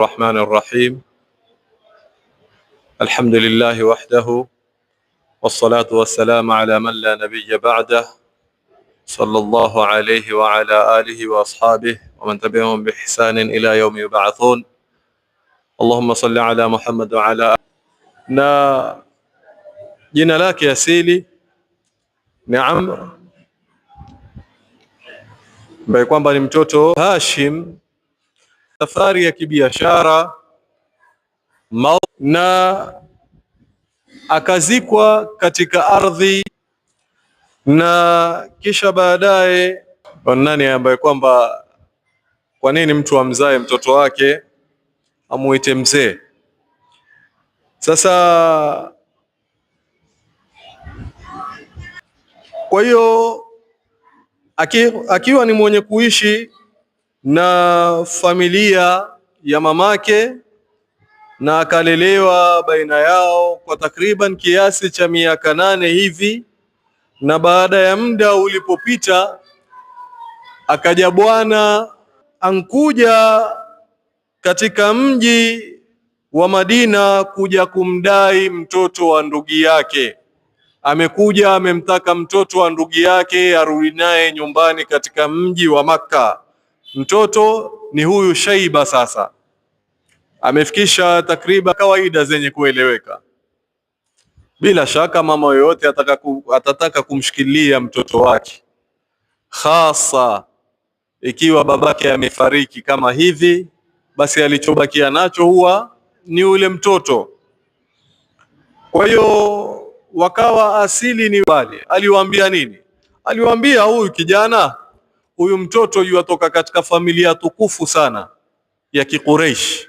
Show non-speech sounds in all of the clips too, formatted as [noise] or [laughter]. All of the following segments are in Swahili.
الرحمن الرحيم الحمد لله وحده والصلاة والسلام على من لا نبي بعده صلى الله عليه وعلى آله وأصحابه ومن تبعهم بإحسان إلى يوم يبعثون اللهم صل على محمد وعلى آله جينا لك يا asili نعم Amr بني متوتو هاشم safari ya kibiashara na akazikwa katika ardhi na kisha baadaye, nani ambaye kwamba kwa nini mtu amzae mtoto wake amuite mzee? Sasa kwa hiyo aki, akiwa ni mwenye kuishi na familia ya mamake na akalelewa baina yao kwa takriban kiasi cha miaka nane hivi, na baada ya muda ulipopita akaja bwana ankuja katika mji wa Madina kuja kumdai mtoto wa ndugu yake. Amekuja amemtaka mtoto wa ndugu yake arudi naye nyumbani katika mji wa Makka. Mtoto ni huyu Shaiba, sasa amefikisha takriban kawaida zenye kueleweka. Bila shaka mama yoyote atataka kumshikilia mtoto wake, hasa ikiwa babake amefariki kama hivi, basi alichobakia nacho huwa ni ule mtoto. Kwa hiyo wakawa asili ni wale. Aliwaambia nini? Aliwaambia huyu kijana huyu mtoto yuatoka katika familia tukufu sana ya Kikureishi.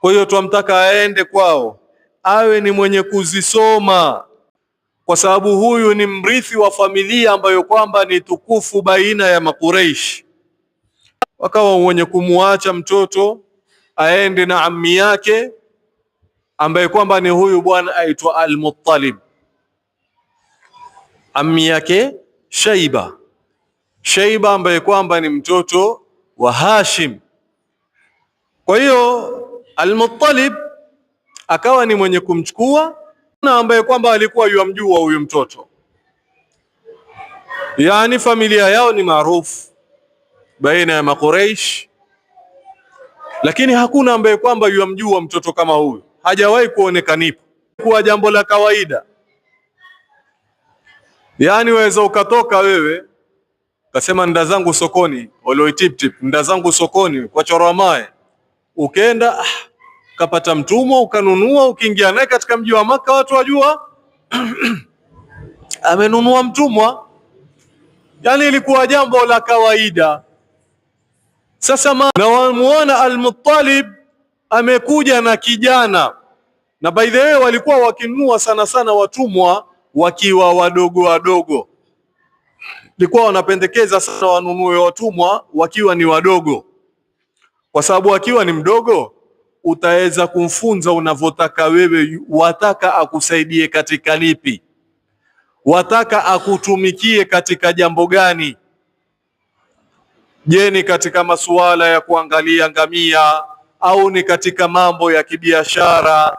Kwa hiyo twamtaka aende kwao, awe ni mwenye kuzisoma, kwa sababu huyu ni mrithi wa familia ambayo kwamba ni tukufu baina ya Makureishi. Wakawa mwenye kumwacha mtoto aende na ammi yake ambaye kwamba ni huyu bwana aitwa Al-Muttalib, ammi yake Shaiba Sheiba ambaye kwamba ni mtoto wa Hashim. Kwa hiyo al akawa ni mwenye kumchukua na ambaye kwamba alikuwa yuamjua huyu mtoto, yaani familia yao ni maarufu baina ya Makuraish, lakini hakuna ambaye kwamba yuamjua mtoto kama huyu, hajawahi kuonekanipo kuwa jambo la kawaida, yaani waweza ukatoka wewe kasema nda zangu sokoni waloitiptip, nda zangu sokoni kwa mae Ukenda ah, kapata mtumwa ukanunua, ukiingia naye katika mji wa Maka watu wajua [clears throat] amenunua mtumwa. Yani ilikuwa jambo la kawaida. Sasa na wamuona Al-Muttalib amekuja na kijana, na by the way walikuwa wakinunua sana sana watumwa wakiwa wadogo wadogo likuwa wanapendekeza sana wanunue watumwa wakiwa ni wadogo, kwa sababu akiwa ni mdogo utaweza kumfunza unavyotaka wewe. Wataka akusaidie katika lipi? Wataka akutumikie katika jambo gani? Je, ni katika masuala ya kuangalia ngamia au ni katika mambo ya kibiashara?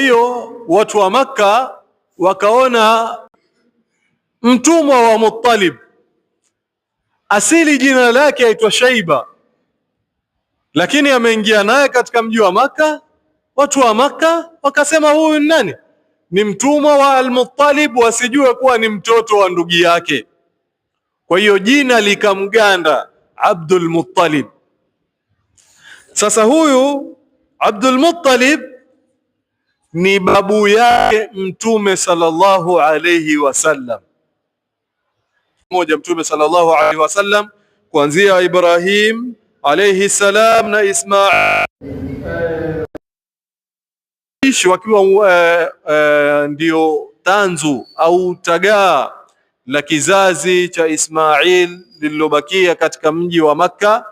hiyo watu wa Makka wakaona mtumwa wa Muttalib, asili jina lake aitwa Shaiba, lakini ameingia naye katika mji wa Makka. Watu wa Makka wakasema huyu ni nani? Ni mtumwa wa almuttalib wasijue kuwa ni mtoto wa ndugu yake. Kwa hiyo jina likamganda Abdul Muttalib. Sasa huyu Abdul Muttalib ni babu yake Mtume sallallahu alayhi wasallam, moja Mtume sallallahu alayhi wasallam kuanzia Ibrahim alayhi salam na Ismail wakiwa eh, eh, ndio tanzu au tagaa la kizazi cha Ismail lililobakia katika mji wa Makka.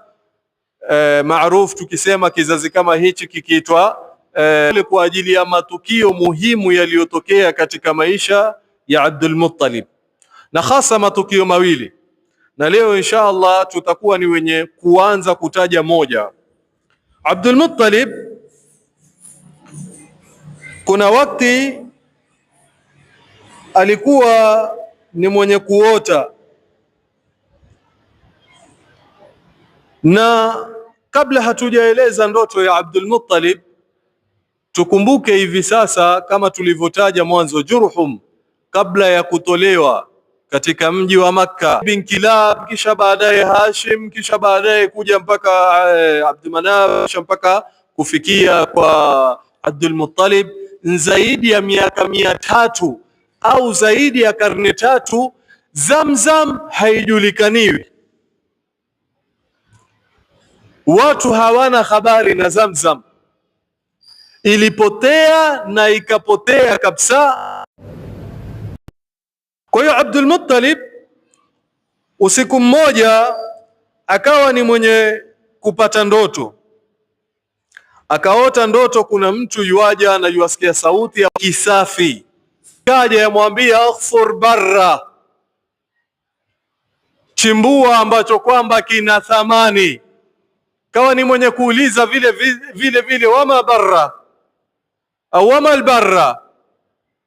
Uh, maarufu tukisema kizazi kama hichi kikiitwa eh, kwa ajili ya matukio muhimu yaliyotokea katika maisha ya Abdul Muttalib na hasa matukio mawili, na leo insha Allah tutakuwa ni wenye kuanza kutaja moja. Abdul Muttalib, kuna wakati alikuwa ni mwenye kuota na kabla hatujaeleza ndoto ya Abdul Muttalib Tukumbuke hivi sasa kama tulivyotaja mwanzo, Jurhum kabla ya kutolewa katika mji wa Makka, bin Kilab, kisha baadaye Hashim, kisha baadaye kuja mpaka eh, Abdulmanaf, kisha mpaka kufikia kwa Abdul Muttalib, zaidi ya miaka mia tatu au zaidi ya karne tatu. Zamzam haijulikaniwi, watu hawana habari na Zamzam ilipotea na ikapotea kabisa. Kwa hiyo Abdul Muttalib usiku mmoja akawa ni mwenye kupata ndoto, akaota ndoto kuna mtu yuaja yuasikia sauti ya kisafi, kaja yamwambia aghfur barra, chimbua ambacho kwamba kina thamani. Kawa ni mwenye kuuliza vile vile, vile, vile wama barra awama albarra,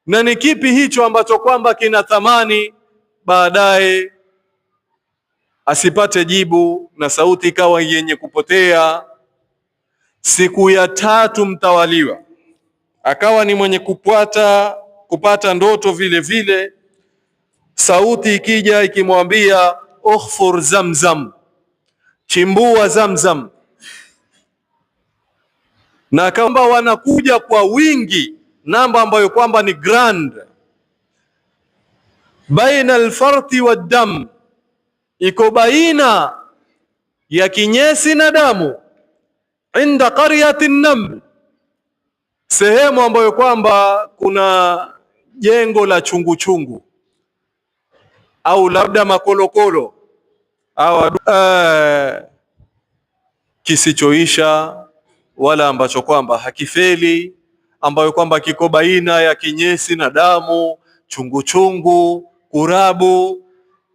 na ni kipi hicho ambacho kwamba kina thamani baadaye asipate jibu na sauti ikawa yenye kupotea. Siku ya tatu mtawaliwa akawa ni mwenye kupata kupata ndoto vile vile, sauti ikija ikimwambia ukhfur zamzam, chimbua zamzam na kwamba wanakuja kwa wingi, namba ambayo kwamba ni grand baina alfarti wa dam, iko baina ya kinyesi na damu. Inda qaryati naml, sehemu ambayo kwamba kuna jengo la chungu chungu au labda makolokolo au uh, kisichoisha wala ambacho kwamba hakifeli, ambayo kwamba kiko baina ya kinyesi na damu, chunguchungu, kurabu.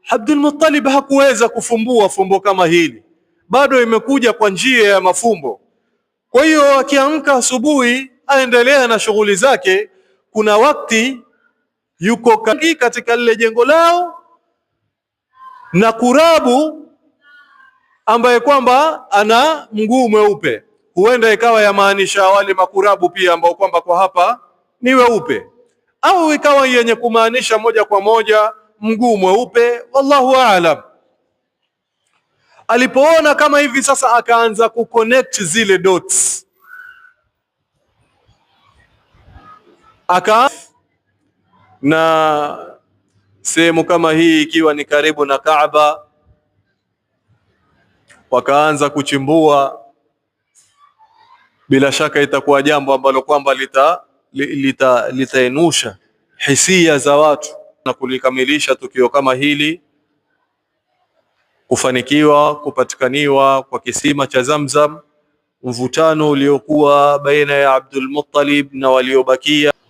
Abdul Muttalib hakuweza kufumbua fumbo kama hili, bado imekuja kwa njia ya mafumbo. Kwa hiyo akiamka asubuhi, aendelea na shughuli zake. Kuna wakati yuko katika lile jengo lao na kurabu ambaye kwamba ana mguu mweupe huenda ikawa yamaanisha wale makurabu pia ambao kwamba kwa hapa ni weupe, au ikawa yenye kumaanisha moja kwa moja mguu mweupe, wallahu aalam. Alipoona kama hivi sasa, akaanza kuconnect zile dots, aka na sehemu kama hii ikiwa ni karibu na Kaaba, wakaanza kuchimbua bila shaka itakuwa jambo ambalo kwamba litainusha lita, lita hisia za watu na kulikamilisha tukio kama hili, kufanikiwa kupatikaniwa kwa kisima cha Zamzam, mvutano uliokuwa baina ya Abdul Muttalib na waliobakia